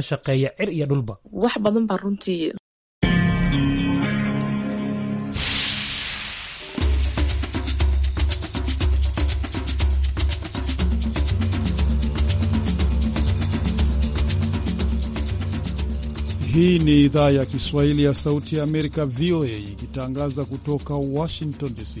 shaqeeya cir iyo dhulba wax badan baa runtii Hii ni idhaa ya Kiswahili ya Sauti ya Amerika, VOA, ikitangaza kutoka Washington DC.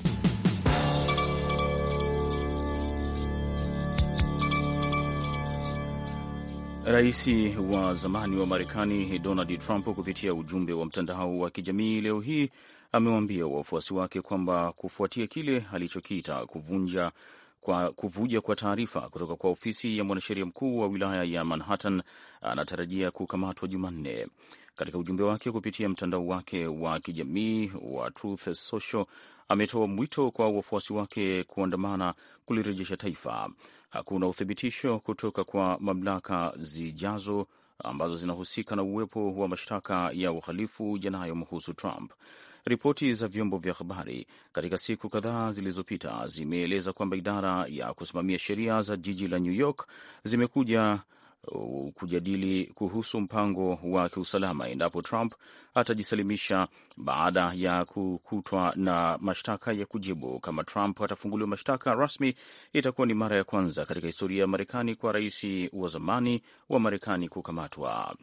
Rais wa zamani wa Marekani Donald Trump kupitia ujumbe wa mtandao wa kijamii leo hii amewaambia wafuasi wake kwamba kufuatia kile alichokiita kuvunja kwa kuvuja kwa taarifa kutoka kwa ofisi ya mwanasheria mkuu wa wilaya ya Manhattan anatarajia kukamatwa Jumanne. Katika ujumbe wake kupitia mtandao wake wa kijamii wa Truth Social ametoa mwito kwa wafuasi wake kuandamana kulirejesha taifa hakuna uthibitisho kutoka kwa mamlaka zijazo ambazo zinahusika na uwepo wa mashtaka ya uhalifu yanayomhusu Trump. Ripoti za vyombo vya habari katika siku kadhaa zilizopita zimeeleza kwamba idara ya kusimamia sheria za jiji la New York zimekuja kujadili kuhusu mpango wa kiusalama endapo Trump atajisalimisha baada ya kukutwa na mashtaka ya kujibu. Kama Trump atafunguliwa mashtaka rasmi, itakuwa ni mara ya kwanza katika historia ya Marekani kwa rais wa zamani wa Marekani kukamatwa.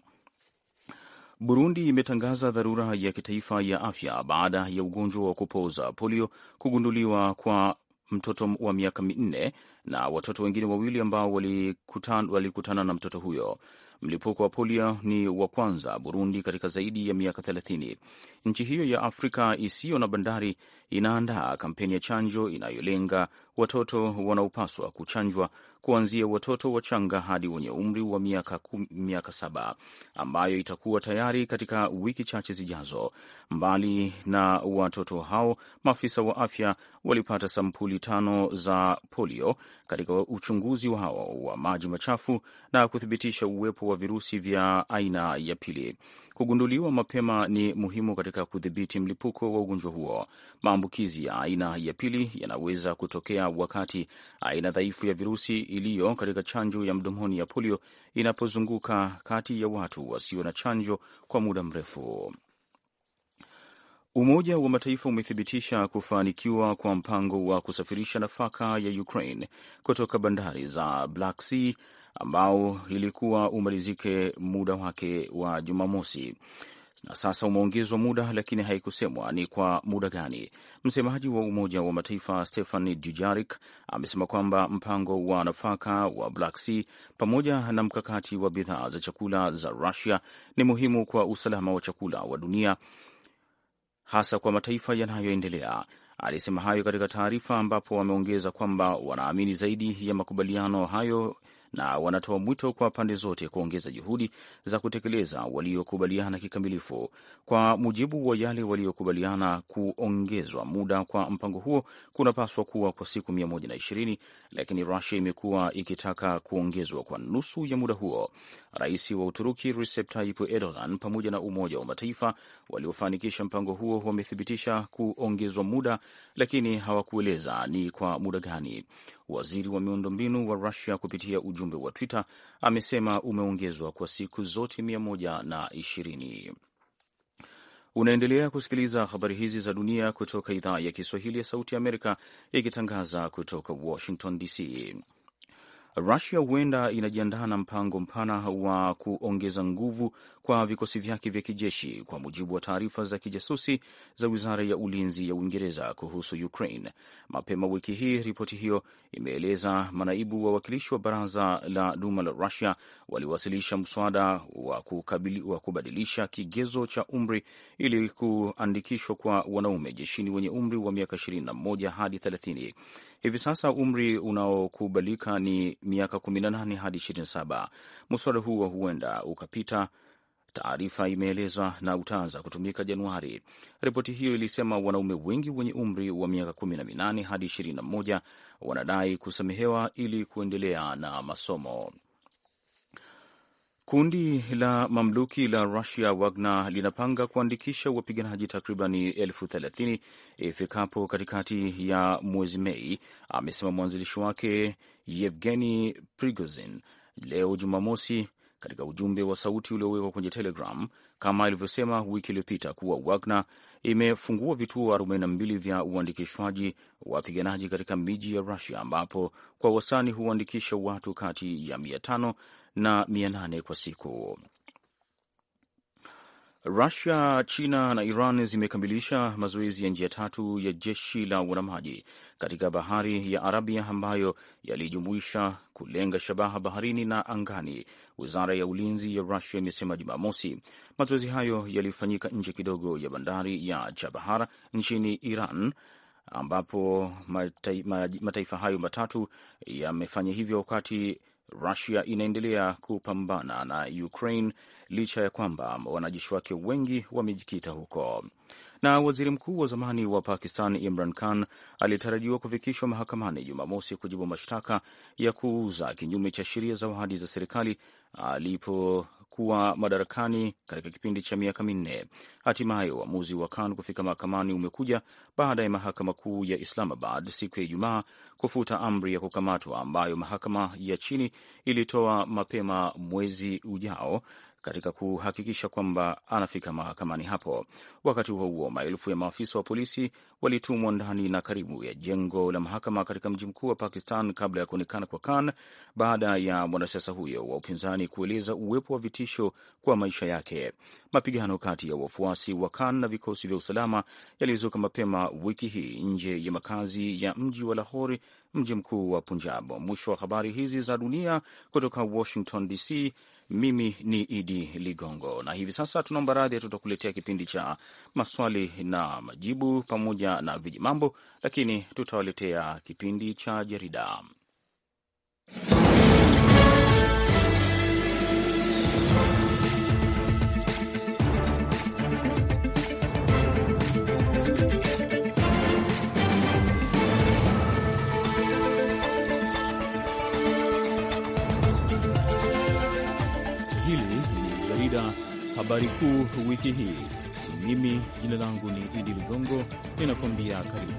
Burundi imetangaza dharura ya kitaifa ya afya baada ya ugonjwa wa kupooza polio kugunduliwa kwa mtoto wa miaka minne na watoto wengine wawili ambao walikutana, wali na mtoto huyo. Mlipuko wa polio ni wa kwanza Burundi katika zaidi ya miaka 30. Nchi hiyo ya Afrika isiyo na bandari inaandaa kampeni ya chanjo inayolenga watoto wanaopaswa kuchanjwa kuanzia watoto wachanga hadi wenye umri wa miaka, kum, miaka saba ambayo itakuwa tayari katika wiki chache zijazo. Mbali na watoto hao, maafisa wa afya walipata sampuli tano za polio katika uchunguzi wao wa maji machafu na kuthibitisha uwepo wa virusi vya aina ya pili. Kugunduliwa mapema ni muhimu katika kudhibiti mlipuko wa ugonjwa huo. Maambukizi ya aina ya pili yanaweza kutokea wakati aina dhaifu ya virusi iliyo katika chanjo ya mdomoni ya polio inapozunguka kati ya watu wasio na chanjo kwa muda mrefu. Umoja wa Mataifa umethibitisha kufanikiwa kwa mpango wa kusafirisha nafaka ya Ukraine kutoka bandari za Black Sea ambao ilikuwa umalizike muda wake wa Jumamosi na sasa umeongezwa muda, lakini haikusemwa ni kwa muda gani. Msemaji wa Umoja wa Mataifa Stephane Dujarric amesema kwamba mpango wa nafaka wa Black Sea pamoja na mkakati wa bidhaa za chakula za Russia ni muhimu kwa usalama wa chakula wa dunia, hasa kwa mataifa yanayoendelea. Alisema hayo katika taarifa ambapo wameongeza kwamba wanaamini zaidi ya makubaliano hayo na wanatoa mwito kwa pande zote kuongeza juhudi za kutekeleza waliokubaliana kikamilifu, kwa mujibu wa yale waliokubaliana. Kuongezwa muda kwa mpango huo kunapaswa kuwa kwa siku 120, lakini Rusia imekuwa ikitaka kuongezwa kwa nusu ya muda huo. Rais wa Uturuki Recep Tayyip Erdogan pamoja na Umoja wa Mataifa waliofanikisha mpango huo wamethibitisha kuongezwa muda, lakini hawakueleza ni kwa muda gani waziri wa miundombinu wa Rusia kupitia ujumbe wa Twitter amesema umeongezwa kwa siku zote mia moja na ishirini. Unaendelea kusikiliza habari hizi za dunia kutoka idhaa ya Kiswahili ya Sauti ya Amerika ikitangaza kutoka Washington DC. Rusia huenda inajiandaa na mpango mpana wa kuongeza nguvu kwa vikosi vyake vya kijeshi, kwa mujibu wa taarifa za kijasusi za wizara ya ulinzi ya Uingereza kuhusu Ukraine. Mapema wiki hii, ripoti hiyo imeeleza manaibu wa wakilishi wa baraza la Duma la Rusia waliwasilisha mswada wa kukabili, wa kubadilisha kigezo cha umri ili kuandikishwa kwa wanaume jeshini wenye umri wa miaka 21 hadi 30. Hivi sasa umri unaokubalika ni miaka 18 hadi 27. Mswada huo huenda ukapita Taarifa imeelezwa na utaanza kutumika Januari. Ripoti hiyo ilisema wanaume wengi wenye umri wa miaka 18 hadi 21 wanadai kusamehewa ili kuendelea na masomo. Kundi la mamluki la Russia Wagner linapanga kuandikisha wapiganaji takribani elfu thelathini ifikapo katikati ya mwezi Mei, amesema mwanzilishi wake Yevgeni Prigozhin leo Jumamosi katika ujumbe wa sauti uliowekwa kwenye Telegram kama ilivyosema wiki iliyopita kuwa Wagner imefungua vituo 42 vya uandikishwaji wapiganaji katika miji ya Rusia ambapo kwa wastani huandikisha watu kati ya 500 na 800 kwa siku. Rusia, China na Iran zimekamilisha mazoezi ya njia tatu ya jeshi la wanamaji katika bahari ya Arabia ambayo yalijumuisha kulenga shabaha baharini na angani wizara ya ulinzi ya Rusia imesema Jumamosi. Mazoezi hayo yalifanyika nje kidogo ya bandari ya Chabahar nchini Iran, ambapo mataifa hayo matatu yamefanya hivyo wakati Rusia inaendelea kupambana na Ukraine licha ya kwamba wanajeshi wake wengi wamejikita huko. Na waziri mkuu wa zamani wa Pakistan Imran Khan alitarajiwa kufikishwa mahakamani Jumamosi kujibu mashtaka ya kuuza kinyume cha sheria zawadi za serikali alipo kuwa madarakani katika kipindi cha miaka minne. Hatimaye uamuzi wa Khan kufika mahakamani umekuja baada ya mahakama kuu ya Islamabad siku ya Ijumaa kufuta amri ya kukamatwa ambayo mahakama ya chini ilitoa mapema mwezi ujao katika kuhakikisha kwamba anafika mahakamani hapo. Wakati huo huo, maelfu ya maafisa wa polisi walitumwa ndani na karibu ya jengo la mahakama katika mji mkuu wa Pakistan kabla ya kuonekana kwa Khan baada ya mwanasiasa huyo wa upinzani kueleza uwepo wa vitisho kwa maisha yake. Mapigano kati ya wafuasi wa Khan na vikosi vya usalama yalizuka mapema wiki hii nje ya makazi ya mji wa Lahori mji mkuu wa Punjab. Mwisho wa habari hizi za dunia kutoka Washington DC. Mimi ni Idi Ligongo, na hivi sasa tunaomba radhi, tutakuletea kipindi cha maswali na majibu pamoja na vijimambo, lakini tutawaletea kipindi cha jarida. habari kuu wiki hii. Mimi jina langu ni Idi Ligongo, ninakuambia karibu.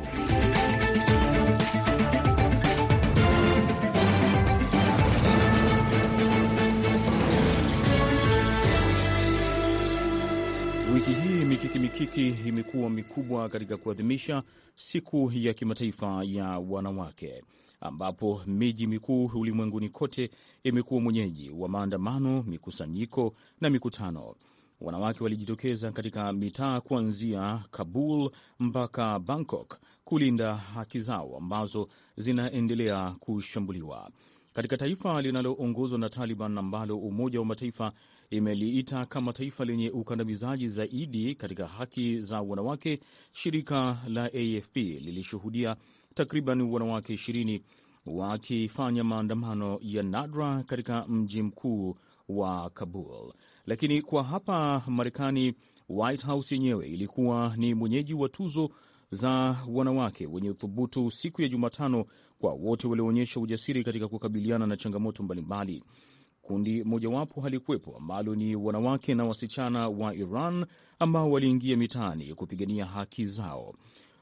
Wiki hii mikiki mikiki imekuwa mikubwa katika kuadhimisha siku ya kimataifa ya wanawake ambapo miji mikuu ulimwenguni kote imekuwa mwenyeji wa maandamano, mikusanyiko na mikutano wanawake walijitokeza katika mitaa kuanzia Kabul mpaka Bangkok kulinda haki zao ambazo zinaendelea kushambuliwa katika taifa linaloongozwa na Taliban ambalo Umoja wa Mataifa imeliita kama taifa lenye ukandamizaji zaidi katika haki za wanawake. Shirika la AFP lilishuhudia takriban wanawake ishirini wakifanya maandamano ya nadra katika mji mkuu wa Kabul. Lakini kwa hapa Marekani, White House yenyewe ilikuwa ni mwenyeji wa tuzo za wanawake wenye uthubutu siku ya Jumatano kwa wote walioonyesha ujasiri katika kukabiliana na changamoto mbalimbali. Kundi mojawapo halikuwepo ambalo ni wanawake na wasichana wa Iran ambao waliingia mitaani kupigania haki zao.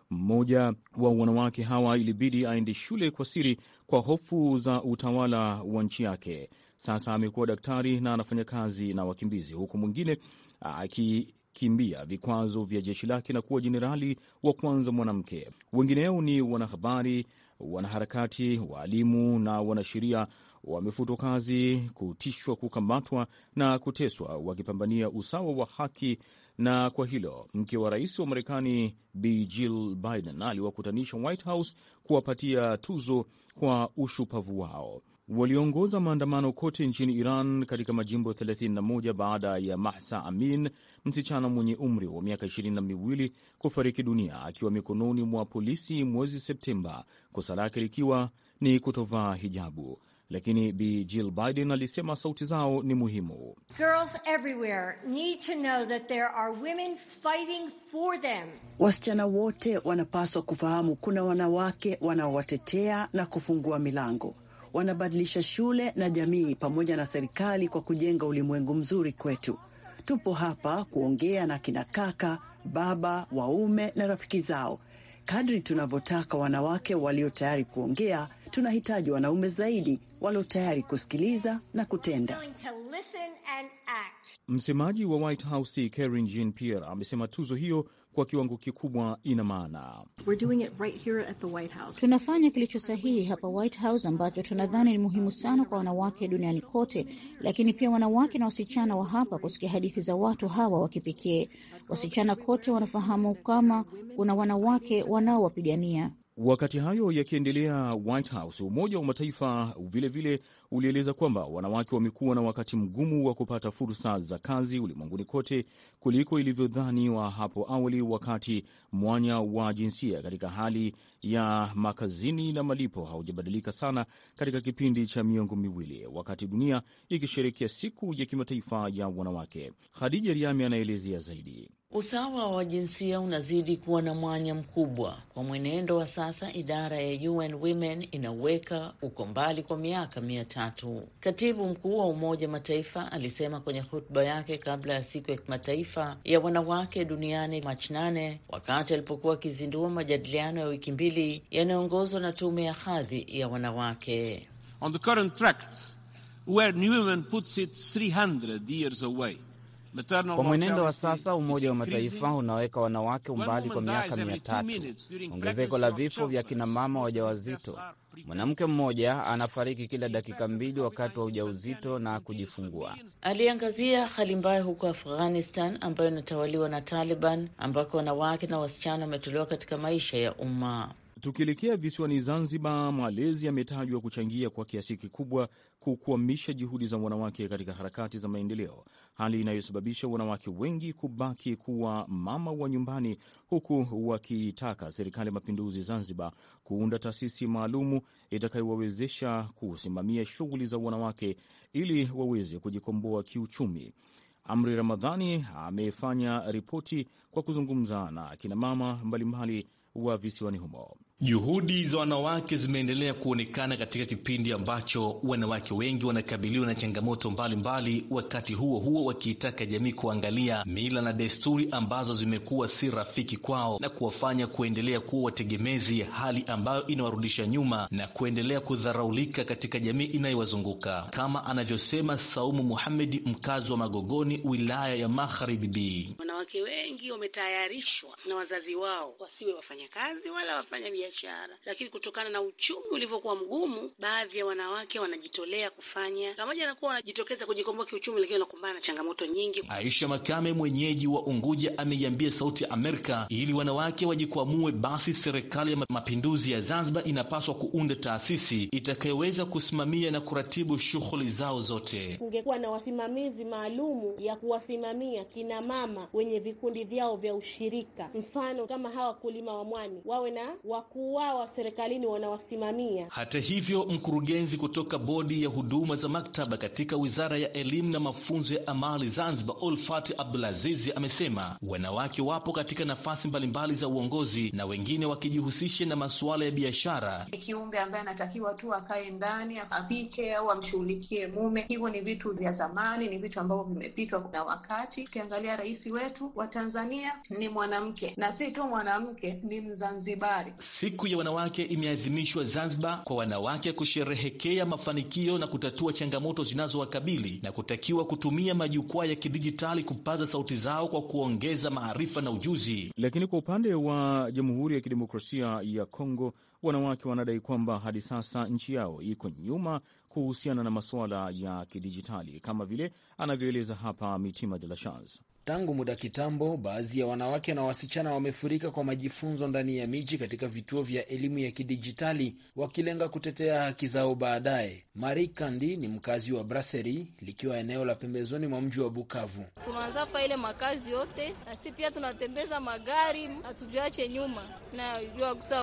Mmoja wa wanawake hawa ilibidi aende shule kwa siri kwa hofu za utawala wa nchi yake. Sasa amekuwa daktari na anafanya kazi na wakimbizi, huku mwingine akikimbia vikwazo vya jeshi lake na kuwa jenerali wa kwanza mwanamke. Wengineo ni wanahabari, wanaharakati, waalimu na wanasheria wamefutwa kazi, kutishwa, kukamatwa na kuteswa wakipambania usawa wa haki. Na kwa hilo mke wa rais wa Marekani Bi Jill Biden aliwakutanisha White House kuwapatia tuzo kwa ushupavu wao waliongoza maandamano kote nchini Iran katika majimbo 31 baada ya Mahsa Amin, msichana mwenye umri wa miaka 22 kufariki dunia akiwa mikononi mwa polisi mwezi Septemba, kosa lake likiwa ni kutovaa hijabu. Lakini Bi Jill Biden alisema sauti zao ni muhimu. Wasichana wote wanapaswa kufahamu kuna wanawake wanaowatetea na kufungua milango wanabadilisha shule na jamii pamoja na serikali kwa kujenga ulimwengu mzuri kwetu. Tupo hapa kuongea na kina kaka, baba, waume na rafiki zao. Kadri tunavyotaka wanawake walio tayari kuongea, tunahitaji wanaume zaidi walio tayari kusikiliza na kutenda. Msemaji wa White House Karine Jean Pierre amesema tuzo hiyo kwa kiwango kikubwa ina maana right, tunafanya kilicho sahihi hapa White House ambacho tunadhani ni muhimu sana kwa wanawake duniani kote, lakini pia wanawake na wasichana wa hapa kusikia hadithi za watu hawa wa kipekee. Wasichana kote wanafahamu kama kuna wanawake wanaowapigania. Wakati hayo yakiendelea, White House, Umoja wa Mataifa vilevile ulieleza kwamba wanawake wamekuwa na wakati mgumu wa kupata fursa za kazi ulimwenguni kote kuliko ilivyodhaniwa hapo awali, wakati mwanya wa jinsia katika hali ya makazini na malipo haujabadilika sana katika kipindi cha miongo miwili, wakati dunia ikisherehekea siku ya kimataifa ya wanawake. Khadija Riami anaelezea zaidi. Usawa wa jinsia unazidi kuwa na mwanya mkubwa. Kwa mwenendo wa sasa, idara ya UN Women inauweka uko mbali kwa miaka mia tatu. Katibu mkuu wa Umoja Mataifa alisema kwenye hotuba yake kabla ya siku ya kimataifa ya wanawake duniani Machi nane, wakati alipokuwa akizindua majadiliano ya wiki mbili yanayoongozwa na tume ya hadhi ya wanawake. On the current tract, where women puts it 300 years away kwa mwenendo wa sasa, Umoja wa Mataifa unaweka wanawake umbali kwa miaka mia tatu. Ongezeko la vifo vya kinamama wajawazito, mwanamke mmoja anafariki kila dakika mbili wakati wa ujauzito na kujifungua. Aliangazia hali mbaya huko Afghanistan ambayo inatawaliwa na Taliban, ambako wanawake na wasichana wametolewa katika maisha ya umma. Tukielekea visiwani Zanzibar, malezi yametajwa kuchangia kwa kiasi kikubwa kukwamisha juhudi za wanawake katika harakati za maendeleo, hali inayosababisha wanawake wengi kubaki kuwa mama wa nyumbani, huku wakitaka Serikali ya Mapinduzi Zanzibar kuunda taasisi maalumu itakayowawezesha kusimamia shughuli za wanawake ili waweze kujikomboa kiuchumi. Amri Ramadhani amefanya ripoti kwa kuzungumza na kinamama mbalimbali wa visiwani humo. Juhudi za wanawake zimeendelea kuonekana katika kipindi ambacho wanawake wengi wanakabiliwa na changamoto mbalimbali mbali, wakati huo huo wakiitaka jamii kuangalia mila na desturi ambazo zimekuwa si rafiki kwao na kuwafanya kuendelea kuwa wategemezi, hali ambayo inawarudisha nyuma na kuendelea kudharaulika katika jamii inayowazunguka kama anavyosema Saumu Muhamedi, mkazi wa Magogoni, wilaya ya Magharibi Wanawake wengi wametayarishwa na wazazi wao wasiwe wafanyakazi wala wafanya biashara, lakini kutokana na uchumi ulivyokuwa mgumu, baadhi ya wanawake wanajitolea kufanya, pamoja na kuwa wanajitokeza kujikomboa kiuchumi, lakini wanakumbana na changamoto nyingi. Aisha Makame, mwenyeji wa Unguja, ameiambia Sauti ya Amerika, ili wanawake wajikwamue, basi serikali ya mapinduzi ya Zanzibar inapaswa kuunda taasisi itakayoweza kusimamia na kuratibu shughuli zao zote. Kungekuwa na wasimamizi maalumu ya kuwasimamia kina mama wenye vikundi vyao vya ushirika, mfano kama hawa wakulima wa mwani wawe na waku wakuu wa serikalini wanawasimamia. Hata hivyo, mkurugenzi kutoka bodi ya huduma za maktaba katika wizara ya elimu na mafunzo ya amali Zanzibar, Olfati Abdulazizi, amesema wanawake wapo katika nafasi mbalimbali za uongozi na wengine wakijihusisha na masuala ya biashara. Kiumbe ambaye anatakiwa tu akae ndani apike au amshughulikie mume, hivyo ni vitu vya zamani, ni vitu ambavyo vimepitwa na wakati. Tukiangalia rais wetu wa Tanzania ni mwanamke na si tu mwanamke, ni Mzanzibari. Si Siku ya wanawake imeadhimishwa Zanzibar kwa wanawake kusherehekea mafanikio na kutatua changamoto zinazowakabili na kutakiwa kutumia majukwaa ya kidijitali kupaza sauti zao kwa kuongeza maarifa na ujuzi. Lakini kwa upande wa Jamhuri ya Kidemokrasia ya Kongo, wanawake wanadai kwamba hadi sasa nchi yao iko nyuma kuhusiana na masuala ya kidijitali, kama vile anavyoeleza hapa Mitima de la Chance. Tangu muda kitambo, baadhi ya wanawake na wasichana wamefurika kwa majifunzo ndani ya miji katika vituo vya elimu ya kidijitali wakilenga kutetea haki zao baadaye. Mari Kandi ni mkazi wa Braseri, likiwa eneo la pembezoni mwa mji wa Bukavu. Tunaanzafa ile makazi yote, nasi pia tunatembeza magari, hatujuache nyuma na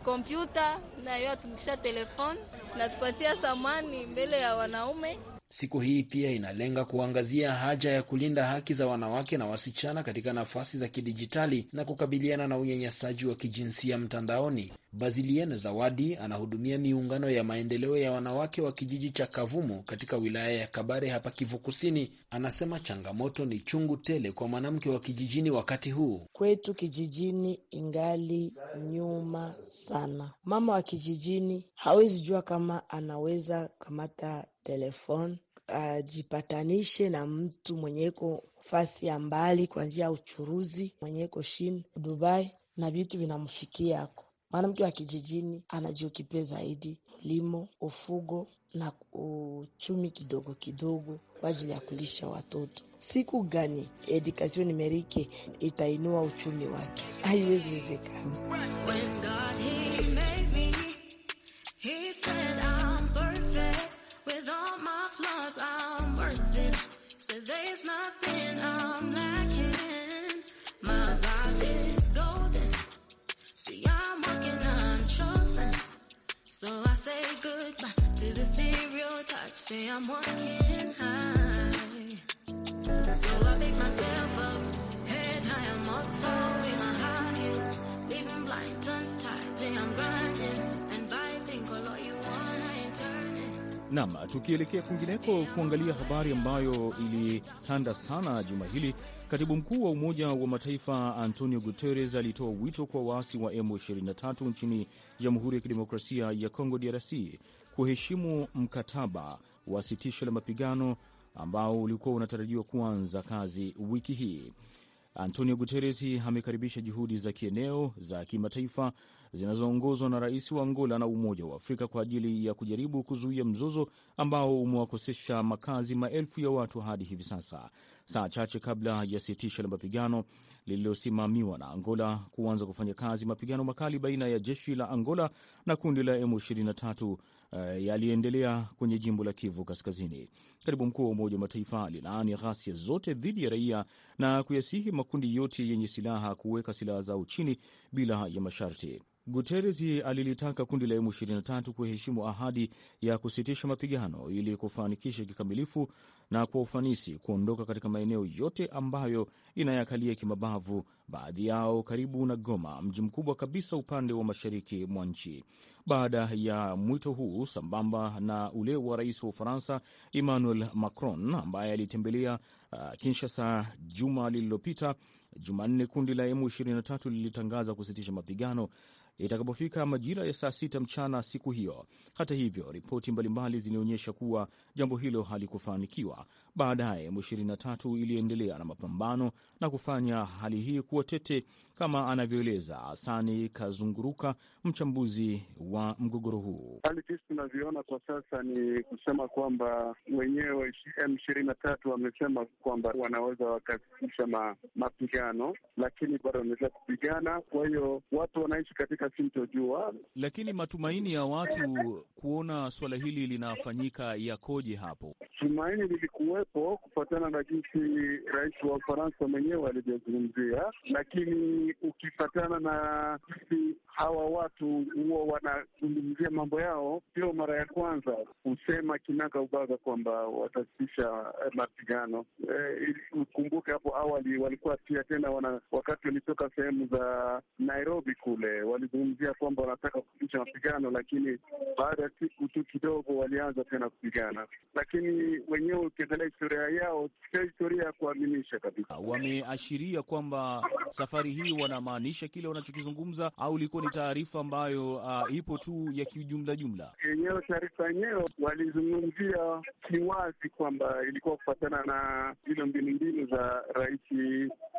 kompyuta na yuatumikisha telefoni natupatia samani mbele ya wanaume Siku hii pia inalenga kuangazia haja ya kulinda haki za wanawake na wasichana katika nafasi za kidijitali na kukabiliana na unyanyasaji wa kijinsia mtandaoni. Baziliene Zawadi anahudumia miungano ya maendeleo ya wanawake wa kijiji cha Kavumu katika wilaya ya Kabare hapa Kivu Kusini. Anasema changamoto ni chungu tele kwa mwanamke wa kijijini wakati huu. Kwetu kijijini ingali nyuma sana. Mama wa kijijini hawezi jua kama anaweza kamata telefoni ajipatanishe na mtu mwenyeko fasi ya mbali kwa njia ya uchuruzi, mwenyeko shin Dubai na vitu vinamfikia ako. Mwanamke wa kijijini anajiokipe zaidi limo, ufugo na uchumi kidogo kidogo kwa ajili ya kulisha watoto. Siku gani edukasioni merike itainua uchumi wake? Haiwezi wezekana. nothing I'm lacking. My life is golden. See, I'm walking unchosen. So I say goodbye to the stereotypes. Say I'm walking high. So I make myself up. Nam, tukielekea kwingineko kuangalia habari ambayo ilitanda sana juma hili, katibu mkuu wa Umoja wa Mataifa Antonio Guterres alitoa wito kwa waasi wa M23 nchini Jamhuri ya Kidemokrasia ya Kongo DRC kuheshimu mkataba wa sitisho la mapigano ambao ulikuwa unatarajiwa kuanza kazi wiki hii. Antonio Guterres amekaribisha juhudi za kieneo za kimataifa zinazoongozwa na rais wa Angola na Umoja wa Afrika kwa ajili ya kujaribu kuzuia mzozo ambao umewakosesha makazi maelfu ya watu hadi hivi sasa, saa chache kabla ya sitisho la mapigano lililosimamiwa na Angola kuanza kufanya kazi. Mapigano makali baina ya jeshi la Angola na kundi la M23 uh, eh, yaliendelea kwenye jimbo la Kivu Kaskazini. Katibu mkuu wa Umoja wa Mataifa alilaani ghasia zote dhidi ya raia na kuyasihi makundi yote yenye silaha kuweka silaha zao chini bila ya masharti. Guterres alilitaka kundi la M23 kuheshimu ahadi ya kusitisha mapigano ili kufanikisha kikamilifu na kwa ufanisi kuondoka katika maeneo yote ambayo inayakalia kimabavu, baadhi yao karibu na Goma, mji mkubwa kabisa upande wa mashariki mwa nchi. Baada ya mwito huu, sambamba na ule wa rais wa Ufaransa Emmanuel Macron ambaye alitembelea uh, Kinshasa juma lililopita, Jumanne kundi la M23 lilitangaza kusitisha mapigano itakapofika majira ya saa sita mchana siku hiyo. Hata hivyo, ripoti mbalimbali zilionyesha kuwa jambo hilo halikufanikiwa Baadaye M23 iliendelea na mapambano na kufanya hali hii kuwa tete, kama anavyoeleza Hasani Kazunguruka, mchambuzi wa mgogoro huu. Hali jinsi tunavyoona kwa sasa ni kusema kwamba wenyewe M23 wamesema kwamba wanaweza wakasitisha ma, mapigano, lakini bado wanaendelea kupigana. Kwa hiyo watu wanaishi katika sintojua, lakini matumaini ya watu kuona suala hili linafanyika yakoje hapo? tumaini lilikuwepo kufuatana na jinsi rais wa Ufaransa mwenyewe alivyozungumzia, lakini ukifatana na jinsi hawa watu huwa wanazungumzia mambo yao, sio mara ya kwanza kusema kinaga ubaga kwamba watasitisha mapigano. Ukumbuke e, hapo awali walikuwa pia tena wana, wakati walitoka sehemu za Nairobi kule walizungumzia kwamba wanataka kusitisha mapigano, lakini baada ya siku tu kidogo walianza tena kupigana, lakini wenyewe ukiangalia historia yao sio historia ya kuaminisha kabisa. Ah, wameashiria kwamba safari hii wanamaanisha kile wanachokizungumza, au ilikuwa ni taarifa ambayo uh, ipo tu ya kiujumla jumla? Yenyewe taarifa yenyewe walizungumzia kiwazi kwamba ilikuwa kufatana na zile mbinu mbinu za rais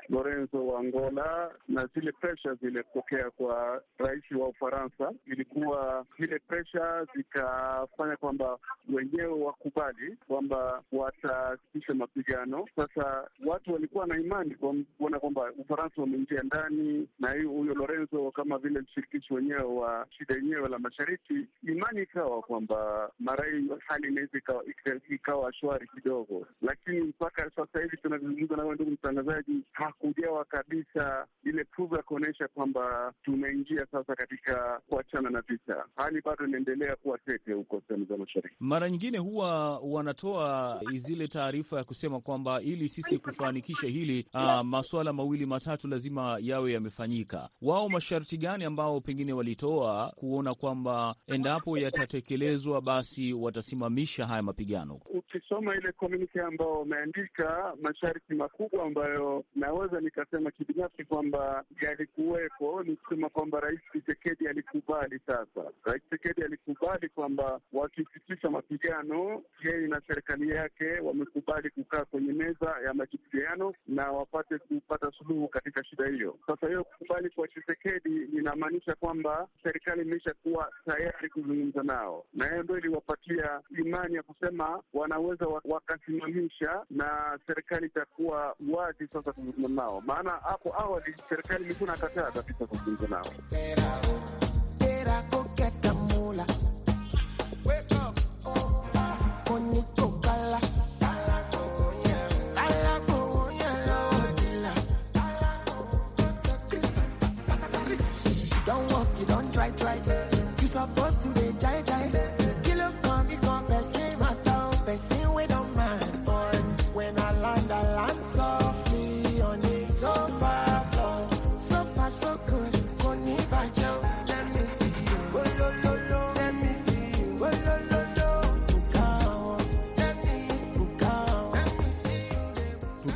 Lorenzo wa Angola na zile presha zilitokea kwa rais wa Ufaransa, ilikuwa zile presha zikafanya kwamba wenyewe wakubali kwamba watasitisha mapigano. Sasa watu walikuwa na imani kuona kwamba Ufaransa wameingia ndani, na hiyo huyo Lorenzo kama vile mshirikishi wenyewe wa shida yenyewe la mashariki, imani ikawa kwamba mara hii hali inaweza ikawa, ikawa shwari kidogo, lakini mpaka sasa hivi tunazungumza na ndugu mtangazaji, hakujawa kabisa ile pruvu ya kuonyesha kwamba tunaingia sasa katika kuachana na vita. Hali bado inaendelea kuwa tete huko sehemu za mashariki. Mara nyingine huwa wanatoa zile taarifa ya kusema kwamba ili sisi kufanikisha hili, uh, ah, masuala mawili matatu lazima yawe yamefanyika. Wao masharti gani ambao pengine walitoa kuona kwamba endapo yatatekelezwa basi watasimamisha haya mapigano? Ukisoma ile komunike ambao wameandika masharti makubwa ambayo nawe naweza nikasema kibinafsi kwamba yalikuwepo, ni kusema kwamba Rais Tshisekedi alikubali. Sasa Rais Tshisekedi alikubali kwamba wakisitisha mapigano, yeye na serikali yake wamekubali kukaa kwenye meza ya majadiliano na wapate kupata suluhu katika shida hiyo. Sasa hiyo kukubali kwa Tshisekedi inamaanisha kwamba serikali imeisha kuwa tayari kuzungumza nao, na hiyo ndio iliwapatia imani ya kusema wanaweza wakasimamisha na serikali itakuwa wazi sasa kuzungumza nao, maana hapo awali serikali ilikuwa inakataa kabisa kuzungumza nao.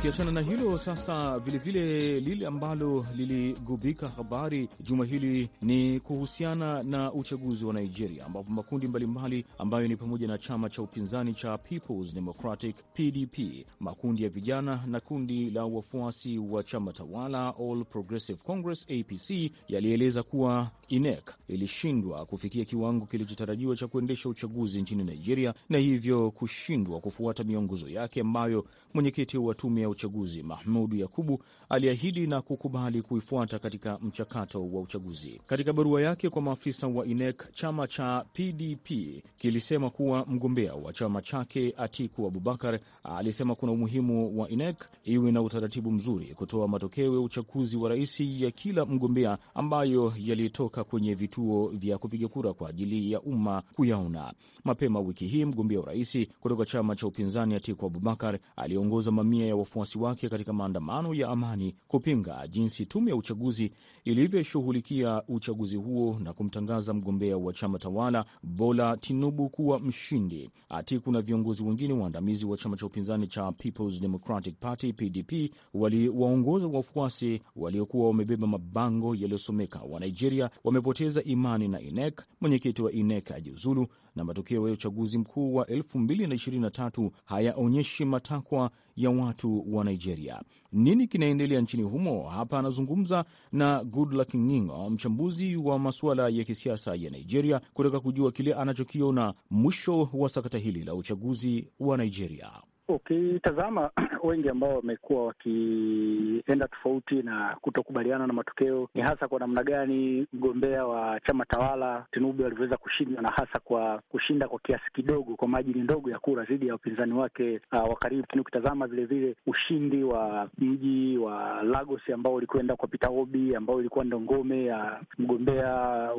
Tukiachana na hilo sasa, vilevile lile ambalo liligubika habari juma hili ni kuhusiana na uchaguzi wa Nigeria, ambapo makundi mbalimbali ambayo ni pamoja na chama cha upinzani cha Peoples Democratic PDP, makundi ya vijana na kundi la wafuasi wa chama tawala All Progressive Congress APC yalieleza kuwa INEC ilishindwa kufikia kiwango kilichotarajiwa cha kuendesha uchaguzi nchini Nigeria na hivyo kushindwa kufuata miongozo yake ambayo mwenyekiti wa tume ya uchaguzi Mahmudu Yakubu aliahidi na kukubali kuifuata katika mchakato wa uchaguzi. Katika barua yake kwa maafisa wa INEC, chama cha PDP kilisema kuwa mgombea wa chama chake Atiku Abubakar alisema kuna umuhimu wa INEC iwe na utaratibu mzuri kutoa matokeo ya uchaguzi wa rais ya kila mgombea ambayo yalitoka kwenye vituo vya kupiga kura kwa ajili ya umma kuyaona. Mapema wiki hii mgombea wa rais kutoka chama cha upinzani Atiku Abubakar aliongoza mamia ya wafuasi wake katika maandamano ya amani Marekani kupinga jinsi tume ya uchaguzi ilivyoshughulikia uchaguzi huo na kumtangaza mgombea wa chama tawala Bola Tinubu kuwa mshindi. Atiku na viongozi wengine waandamizi wa chama cha upinzani cha Peoples Democratic Party PDP waliwaongoza wafuasi waliokuwa wamebeba mabango yaliyosomeka wa Nigeria wamepoteza imani na INEC, mwenyekiti wa INEC ajiuzulu, na matokeo ya uchaguzi mkuu wa 2023 hayaonyeshi matakwa ya watu wa Nigeria. Nini kinaendelea nchini humo? Hapa anazungumza na Goodluck Ngingo, mchambuzi wa masuala ya kisiasa ya Nigeria, kutaka kujua kile anachokiona mwisho wa sakata hili la uchaguzi wa Nigeria. Ukitazama wengi ambao wamekuwa wakienda tofauti na kutokubaliana na matokeo ni hasa kwa namna gani mgombea wa chama tawala Tinubu alivyoweza kushindwa, na hasa kwa kushinda kwa kiasi kidogo, kwa majini ndogo ya kura dhidi ya upinzani wake uh, wa karibu. Lakini ukitazama vilevile ushindi wa mji wa Lagos ambao ulikwenda kwa Peter Obi, ambao ilikuwa ndo ngome ya mgombea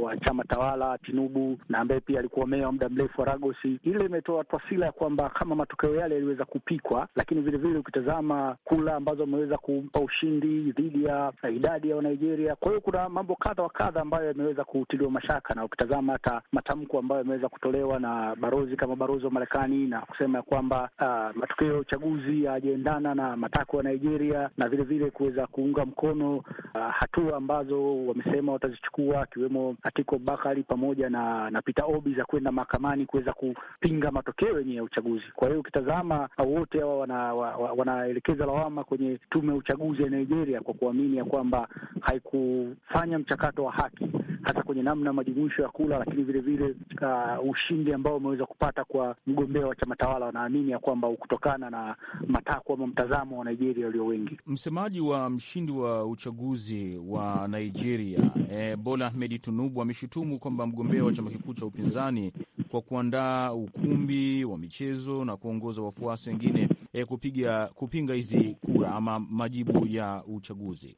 wa chama tawala Tinubu na ambaye pia alikuwa meya wa muda mrefu wa Lagos, ile imetoa taswira ya kwamba kama matokeo yale yaliweza ku kupikwa, lakini vilevile ukitazama kula ambazo ameweza kumpa ushindi dhidi ya idadi ya Wanigeria. Kwa hiyo kuna mambo kadha wa kadha ambayo yameweza kutiliwa mashaka, na ukitazama hata matamko ambayo yameweza kutolewa na barozi kama barozi wa Marekani na kusema ya kwamba uh, matokeo ya uchaguzi yajaendana na matakwa ya Nigeria na vilevile kuweza kuunga mkono uh, hatua ambazo wamesema watazichukua akiwemo Atiko Bakari pamoja na, na Peter Obi za kwenda mahakamani kuweza kupinga matokeo yenyewe ya uchaguzi. Kwa hiyo ukitazama uh, wote hawa wanaelekeza wana lawama kwenye tume ya uchaguzi ya Nigeria kwa kuamini ya kwamba haikufanya mchakato wa haki hasa kwenye namna majumuisho ya kula, lakini vile vile uh, ushindi ambao umeweza kupata kwa mgombea wa chama tawala. Wanaamini ya kwamba kutokana na matakwa ama mtazamo wa Nigeria walio wengi. Msemaji wa mshindi wa uchaguzi wa Nigeria eh, Bola Ahmed Tinubu ameshutumu kwamba mgombea wa chama kikuu cha upinzani kwa kuandaa ukumbi wa michezo na kuongoza wafuasi wengine e, kupiga kupinga hizi kura ama majibu ya uchaguzi.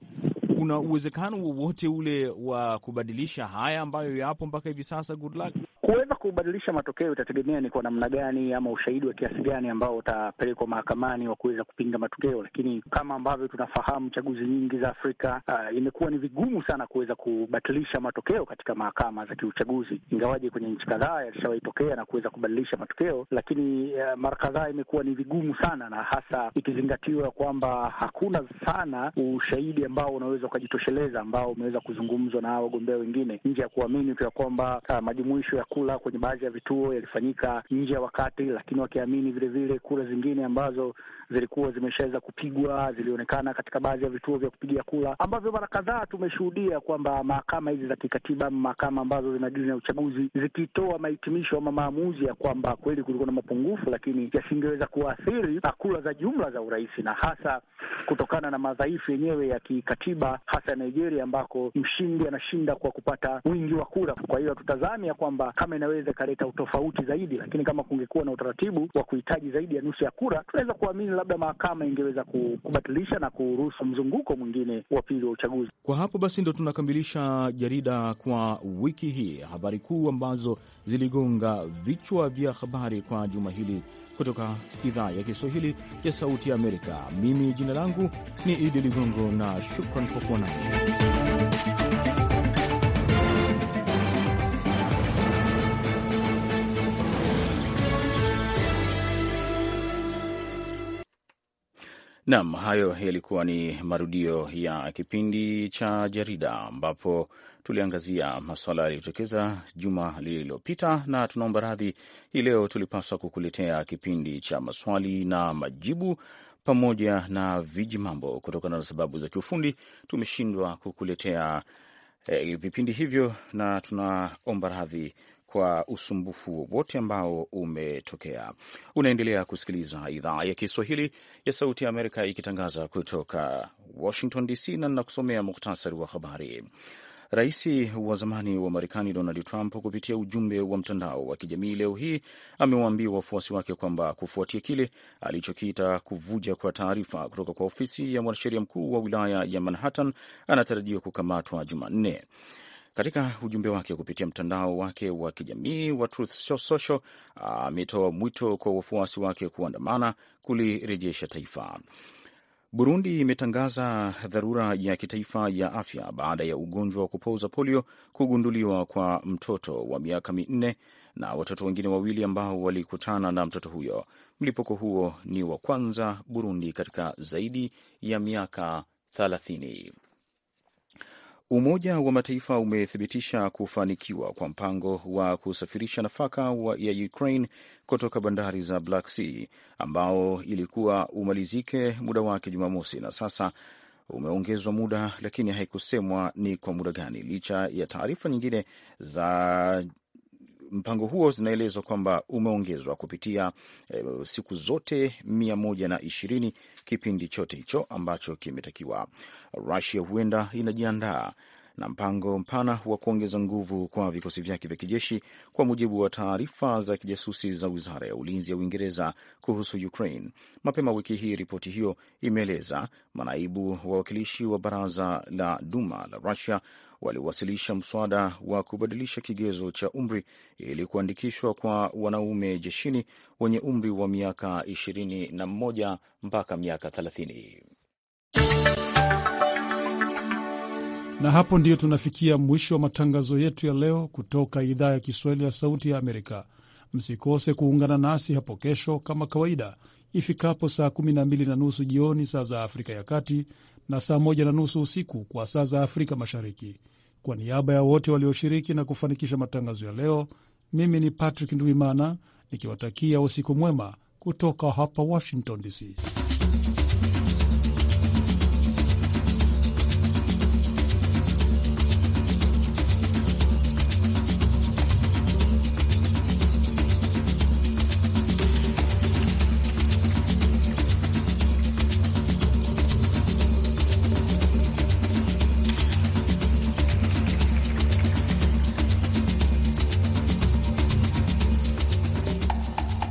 Kuna uwezekano wowote ule wa kubadilisha haya ambayo yapo mpaka hivi sasa, Good luck? Kuweza kubadilisha matokeo itategemea ni kwa namna gani ama ushahidi wa kiasi gani ambao utapelekwa mahakamani wa kuweza kupinga matokeo, lakini kama ambavyo tunafahamu chaguzi nyingi za Afrika uh, imekuwa ni vigumu sana kuweza kubatilisha matokeo katika mahakama za kiuchaguzi, ingawaje kwenye nchi kadhaa yalishawahi tokea na kuweza kubadilisha matokeo, lakini uh, mara kadhaa imekuwa ni vigumu sana, na hasa ikizingatiwa kwamba hakuna sana ushahidi ambao unaweza ukajitosheleza ambao umeweza kuzungumzwa na wagombea wengine nje ya kuamini tu ya kwamba uh, majumuisho ya kula kwenye baadhi ya vituo yalifanyika nje ya wakati, lakini wakiamini vilevile kura zingine ambazo zilikuwa zimeshaweza kupigwa, zilionekana katika baadhi ya vituo vya kupigia kura, ambavyo mara kadhaa tumeshuhudia kwamba mahakama hizi za kikatiba, mahakama ambazo zinadili na uchaguzi, zikitoa mahitimisho ama maamuzi ya kwamba kweli kulikuwa na mapungufu, lakini yasingeweza kuathiri kura za jumla za urais, na hasa kutokana na madhaifu yenyewe ya kikatiba, hasa Nigeria ambako mshindi anashinda kwa kupata wingi wa kura. Kwa hiyo hatutazami ya kwamba kama inaweza ikaleta utofauti zaidi, lakini kama kungekuwa na utaratibu wa kuhitaji zaidi ya nusu ya kura, tunaweza kuamini labda mahakama ingeweza kubatilisha na kuruhusu mzunguko mwingine wa pili wa uchaguzi. Kwa hapo basi, ndo tunakamilisha jarida kwa wiki hii, habari kuu ambazo ziligonga vichwa vya habari kwa juma hili kutoka idhaa ya Kiswahili ya Sauti ya Amerika. Mimi jina langu ni Idi Ligongo na shukran kwa kuwa nami. Naam, hayo yalikuwa ni marudio ya kipindi cha jarida ambapo tuliangazia masuala yaliyotokeza juma lililopita, na tunaomba radhi, hii leo tulipaswa kukuletea kipindi cha maswali na majibu pamoja na viji mambo. Kutokana na sababu za kiufundi tumeshindwa kukuletea eh, vipindi hivyo, na tunaomba radhi kwa usumbufu wowote ambao umetokea. Unaendelea kusikiliza idhaa ya Kiswahili ya Sauti ya Amerika ikitangaza kutoka Washington DC, na ninakusomea muhtasari wa habari. Rais wa zamani wa Marekani Donald Trump kupitia ujumbe wa mtandao wa kijamii leo hii amewaambia wafuasi wake kwamba kufuatia kile alichokiita kuvuja kwa taarifa kutoka kwa ofisi ya mwanasheria mkuu wa wilaya ya Manhattan, anatarajiwa kukamatwa Jumanne. Katika ujumbe wake kupitia mtandao wake wa kijamii wa Truth Social ametoa mwito kwa wafuasi wake kuandamana kulirejesha taifa. Burundi imetangaza dharura ya kitaifa ya afya baada ya ugonjwa wa kupooza polio kugunduliwa kwa mtoto wa miaka minne na watoto wengine wawili ambao walikutana na mtoto huyo. Mlipuko huo ni wa kwanza Burundi katika zaidi ya miaka thelathini. Umoja wa Mataifa umethibitisha kufanikiwa kwa mpango wa kusafirisha nafaka wa ya Ukraine kutoka bandari za Black Sea ambao ilikuwa umalizike muda wake Jumamosi na sasa umeongezwa muda, lakini haikusemwa ni kwa muda gani, licha ya taarifa nyingine za mpango huo zinaelezwa kwamba umeongezwa kupitia e, siku zote mia moja na ishirini kipindi chote hicho ambacho kimetakiwa. Rusia huenda inajiandaa na mpango mpana wa kuongeza nguvu kwa vikosi vyake vya kijeshi, kwa mujibu wa taarifa za kijasusi za wizara ya ulinzi ya Uingereza kuhusu Ukraine. Mapema wiki hii, ripoti hiyo imeeleza manaibu wawakilishi wa baraza la Duma la Rusia waliwasilisha mswada wa kubadilisha kigezo cha umri ili kuandikishwa kwa wanaume jeshini wenye umri wa miaka 21 mpaka miaka 30. Na hapo ndiyo tunafikia mwisho wa matangazo yetu ya leo kutoka idhaa ya Kiswahili ya Sauti ya Amerika. Msikose kuungana nasi hapo kesho kama kawaida ifikapo saa 12 na nusu jioni saa za Afrika ya Kati na saa 1 na nusu usiku kwa saa za Afrika Mashariki. Kwa niaba ya wote walioshiriki na kufanikisha matangazo ya leo, mimi ni Patrick nduimana nikiwatakia usiku mwema kutoka hapa Washington DC.